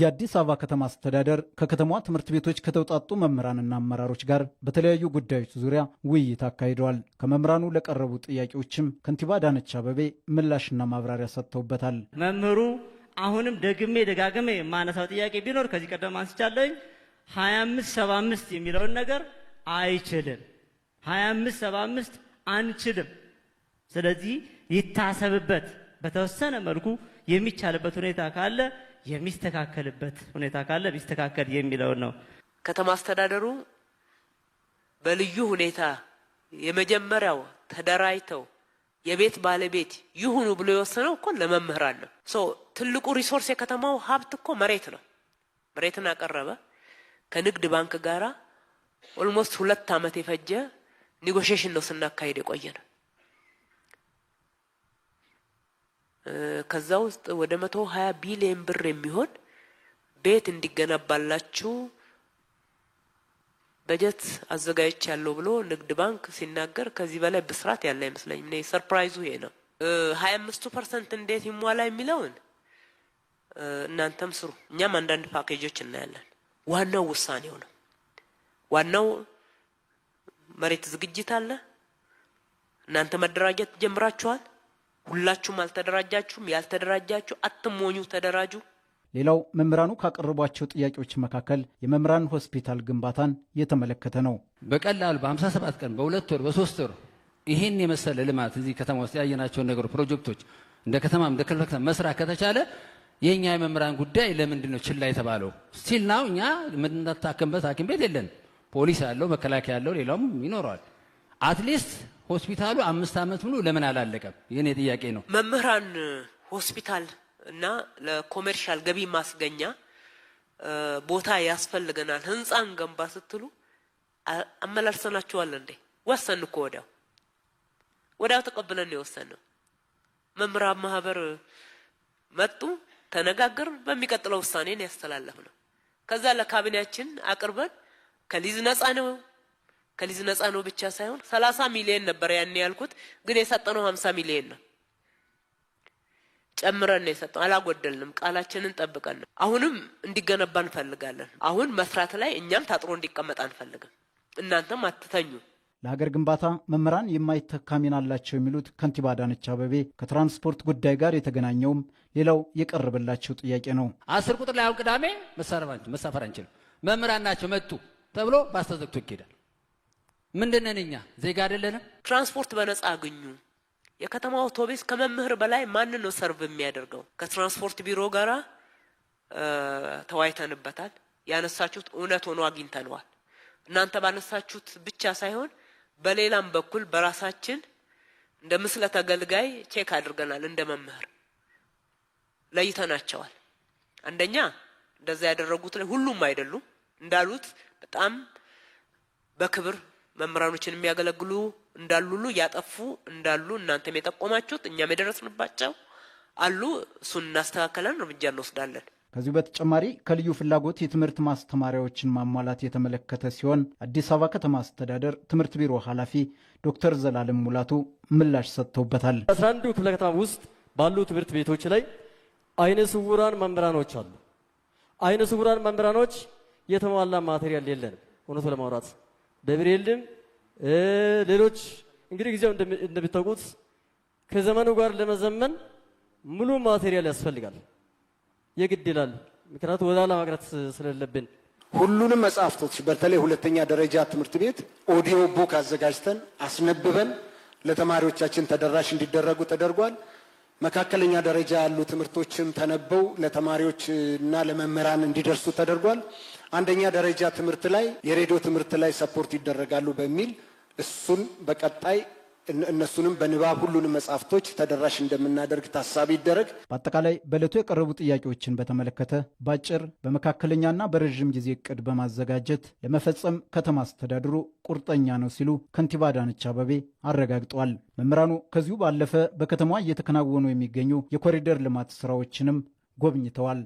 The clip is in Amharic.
የአዲስ አበባ ከተማ አስተዳደር ከከተማዋ ትምህርት ቤቶች ከተውጣጡ መምህራንና አመራሮች ጋር በተለያዩ ጉዳዮች ዙሪያ ውይይት አካሂደዋል። ከመምህራኑ ለቀረቡ ጥያቄዎችም ከንቲባ አዳነች አበቤ ምላሽና ማብራሪያ ሰጥተውበታል። መምህሩ አሁንም ደግሜ ደጋግሜ የማነሳው ጥያቄ ቢኖር ከዚህ ቀደም አንስቻለኝ፣ 2575 የሚለውን ነገር አይችልም። 2575 አንችልም። ስለዚህ ይታሰብበት፣ በተወሰነ መልኩ የሚቻልበት ሁኔታ ካለ የሚስተካከልበት ሁኔታ ካለ ቢስተካከል የሚለውን ነው። ከተማ አስተዳደሩ በልዩ ሁኔታ የመጀመሪያው ተደራጅተው የቤት ባለቤት ይሁኑ ብሎ የወሰነው እኮ ለመምህራን ነው። ትልቁ ሪሶርስ የከተማው ሀብት እኮ መሬት ነው። መሬትን አቀረበ። ከንግድ ባንክ ጋራ ኦልሞስት ሁለት ዓመት የፈጀ ኔጎሽሽን ነው ስናካሄድ የቆየ ነው። ከዛ ውስጥ ወደ መቶ ሀያ ቢሊየን ብር የሚሆን ቤት እንዲገነባላችሁ በጀት አዘጋጅች ያለው ብሎ ንግድ ባንክ ሲናገር ከዚህ በላይ ብስራት ያለ አይመስለኝ። እኔ ሰርፕራይዙ ይሄ ነው። ሀያ አምስቱ ፐርሰንት እንዴት ይሟላ የሚለውን እናንተም ስሩ፣ እኛም አንዳንድ ፓኬጆች እናያለን። ዋናው ውሳኔው ነው። ዋናው መሬት ዝግጅት አለ። እናንተ መደራጀት ጀምራችኋል። ሁላችሁም አልተደራጃችሁም። ያልተደራጃችሁ አትሞኙ፣ ተደራጁ። ሌላው መምህራኑ ካቀረቧቸው ጥያቄዎች መካከል የመምህራን ሆስፒታል ግንባታን እየተመለከተ ነው። በቀላሉ በ57 ቀን በሁለት ወር በሶስት ወር ይህን የመሰለ ልማት እዚህ ከተማ ውስጥ ያየናቸውን ነገሮች ፕሮጀክቶች እንደ ከተማም እንደ ክልል ከተማ መስራት ከተቻለ የእኛ የመምህራን ጉዳይ ለምንድን ነው ችላ የተባለው? ስቲል ናው እኛ የምንታከምበት ሐኪም ቤት የለን። ፖሊስ ያለው መከላከያ ያለው ሌላውም ይኖረዋል። አትሊስት ሆስፒታሉ አምስት ዓመት ሙሉ ለምን አላለቀም? የኔ ጥያቄ ነው። መምህራን ሆስፒታል እና ለኮሜርሻል ገቢ ማስገኛ ቦታ ያስፈልገናል፣ ህንፃን ገንባ ስትሉ አመላልሰናችኋል እንዴ? ወሰን እኮ ወዲያው ወዲያው ተቀብለን የወሰን ነው። መምህራን ማህበር መጡ፣ ተነጋግር በሚቀጥለው ውሳኔን ያስተላለፍ ነው። ከዛ ለካቢኔያችን አቅርበን ከሊዝ ነፃ ነው ከሊዝ ነፃ ነው ብቻ ሳይሆን 30 ሚሊዮን ነበር ያኔ ያልኩት፣ ግን የሰጠነው 50 ሚሊዮን ነው። ጨምረን ነው የሰጠነው፣ አላጎደልንም። ቃላችንን ጠብቀን ነው። አሁንም እንዲገነባ እንፈልጋለን። አሁን መስራት ላይ እኛም ታጥሮ እንዲቀመጥ አንፈልግም። እናንተም አትተኙ። ለሀገር ግንባታ መምህራን የማይተካ ሚና አላቸው የሚሉት ከንቲባ አዳነች አበቤ ከትራንስፖርት ጉዳይ ጋር የተገናኘውም ሌላው የቀረበላቸው ጥያቄ ነው። አስር ቁጥር ላይ አሁን ቅዳሜ መሳፈር አንችልም መምህራን ናቸው መጡ ተብሎ ባስተዘግቶ ይኬዳል። ምንድነን? እኛ ዜጋ አይደለንም? ትራንስፖርት በነጻ አግኙ። የከተማ አውቶቢስ ከመምህር በላይ ማንን ነው ሰርቭ የሚያደርገው? ከትራንስፖርት ቢሮ ጋራ ተወያይተንበታል። ያነሳችሁት እውነት ሆኖ አግኝተነዋል። እናንተ ባነሳችሁት ብቻ ሳይሆን በሌላም በኩል በራሳችን እንደ ምስለ ተገልጋይ ቼክ አድርገናል። እንደ መምህር ለይተናቸዋል። አንደኛ እንደዛ ያደረጉት ላይ ሁሉም አይደሉም እንዳሉት በጣም በክብር መምህራኖችን የሚያገለግሉ እንዳሉ ሁሉ ያጠፉ እንዳሉ እናንተም የጠቆማችሁት እኛም የደረስንባቸው አሉ። እሱን እናስተካከለን፣ እርምጃ እንወስዳለን። ከዚሁ በተጨማሪ ከልዩ ፍላጎት የትምህርት ማስተማሪያዎችን ማሟላት የተመለከተ ሲሆን አዲስ አበባ ከተማ አስተዳደር ትምህርት ቢሮ ኃላፊ ዶክተር ዘላለም ሙላቱ ምላሽ ሰጥተውበታል። አስራ አንዱ ክፍለ ከተማ ውስጥ ባሉ ትምህርት ቤቶች ላይ አይነ ስውራን መምህራኖች አሉ። አይነ ስውራን መምህራኖች የተሟላ ማቴሪያል የለንም እውነቱ ለማውራት በብሬልም ሌሎች እንግዲህ ጊዜው እንደሚታወቁት ከዘመኑ ጋር ለመዘመን ሙሉ ማቴሪያል ያስፈልጋል፣ የግድ ይላል። ምክንያቱም ወደኋላ ማቅረት ስለሌለብን ሁሉንም መጽሐፍቶች በተለይ ሁለተኛ ደረጃ ትምህርት ቤት ኦዲዮ ቡክ አዘጋጅተን አስነብበን ለተማሪዎቻችን ተደራሽ እንዲደረጉ ተደርጓል። መካከለኛ ደረጃ ያሉ ትምህርቶችም ተነበው ለተማሪዎች እና ለመምህራን እንዲደርሱ ተደርጓል። አንደኛ ደረጃ ትምህርት ላይ የሬዲዮ ትምህርት ላይ ሰፖርት ይደረጋሉ በሚል እሱን በቀጣይ እነሱንም በንባብ ሁሉንም መጽሐፍቶች ተደራሽ እንደምናደርግ ታሳቢ ይደረግ። በአጠቃላይ በዕለቱ የቀረቡ ጥያቄዎችን በተመለከተ በአጭር በመካከለኛና በረዥም ጊዜ እቅድ በማዘጋጀት ለመፈጸም ከተማ አስተዳድሩ ቁርጠኛ ነው ሲሉ ከንቲባ አዳነች አረጋግጠዋል። መምህራኑ ከዚሁ ባለፈ በከተማዋ እየተከናወኑ የሚገኙ የኮሪደር ልማት ስራዎችንም ጎብኝተዋል።